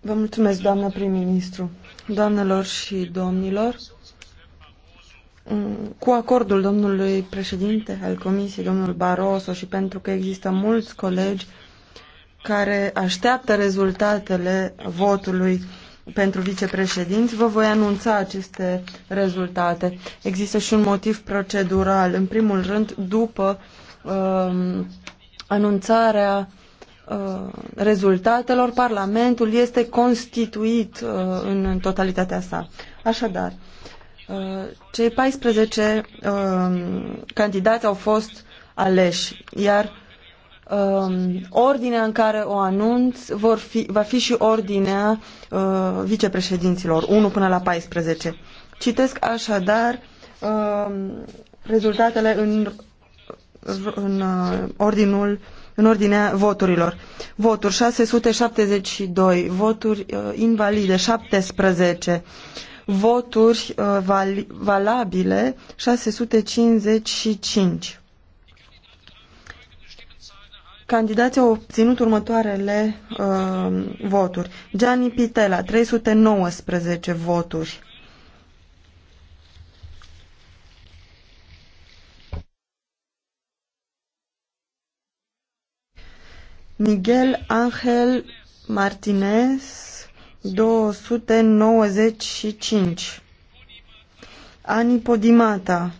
Vă mulțumesc, doamnă prim-ministru. Doamnelor și domnilor, cu acordul domnului președinte al Comisiei, domnul Barroso, și pentru că există mulți colegi care așteaptă rezultatele votului pentru vicepreședinți, vă voi anunța aceste rezultate. Există și un motiv procedural. În primul rând, după um, anunțarea Uh, rezultatelor, Parlamentul este constituit uh, în totalitatea sa. Așadar, uh, cei 14 um, candidați au fost aleși, iar um, ordinea în care o anunț vor fi, va fi și ordinea vicepreședinților, 1 până la 14. Citesc așadar um, rezultatele în, în ordinul în ordinea voturilor. Voturi 672, voturi uh, invalide 17, voturi uh, val valabile 655. Candidații au obținut următoarele uh, voturi. Gianni Pitela, 319 voturi. Miguel Angel Martinez 295 Ani Podimata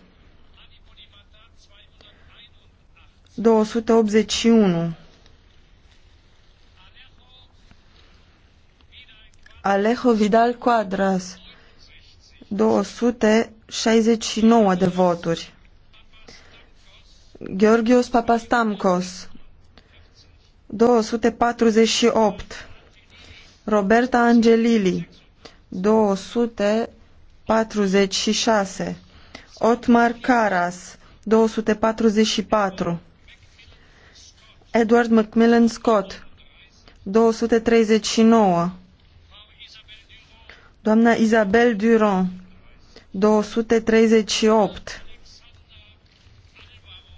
281 Alejo Vidal Quadras 269 de voturi Georgios Papastamkos 248. Roberta Angelili 246. Otmar Caras 244. Edward Macmillan Scott 239. Doamna Isabel Durand 238.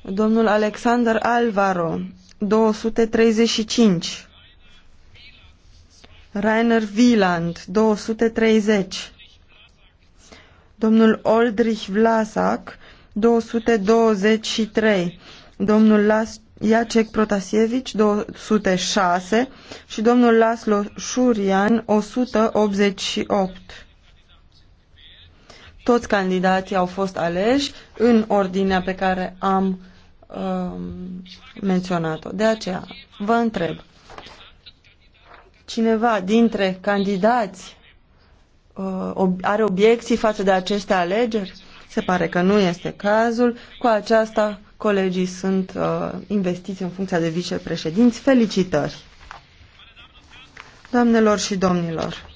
Domnul Alexander Alvaro 235. Rainer Wieland, 230. Domnul Oldrich Vlasak 223. Domnul Las Jacek Protasevich 206. Și domnul Laslo Shurian 188. Toți candidații au fost aleși în ordinea pe care am Um, menționat-o. De aceea, vă întreb, cineva dintre candidați uh, are obiecții față de aceste alegeri? Se pare că nu este cazul. Cu aceasta, colegii sunt uh, investiți în funcția de vicepreședinți. Felicitări! Doamnelor și domnilor,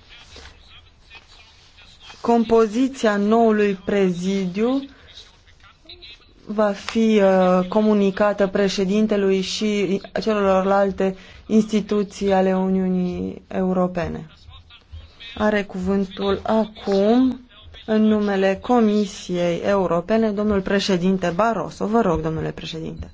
compoziția noului prezidiu va fi uh, comunicată președintelui și celorlalte instituții ale Uniunii Europene. Are cuvântul acum, în numele Comisiei Europene, domnul președinte Barroso. Vă rog, domnule președinte.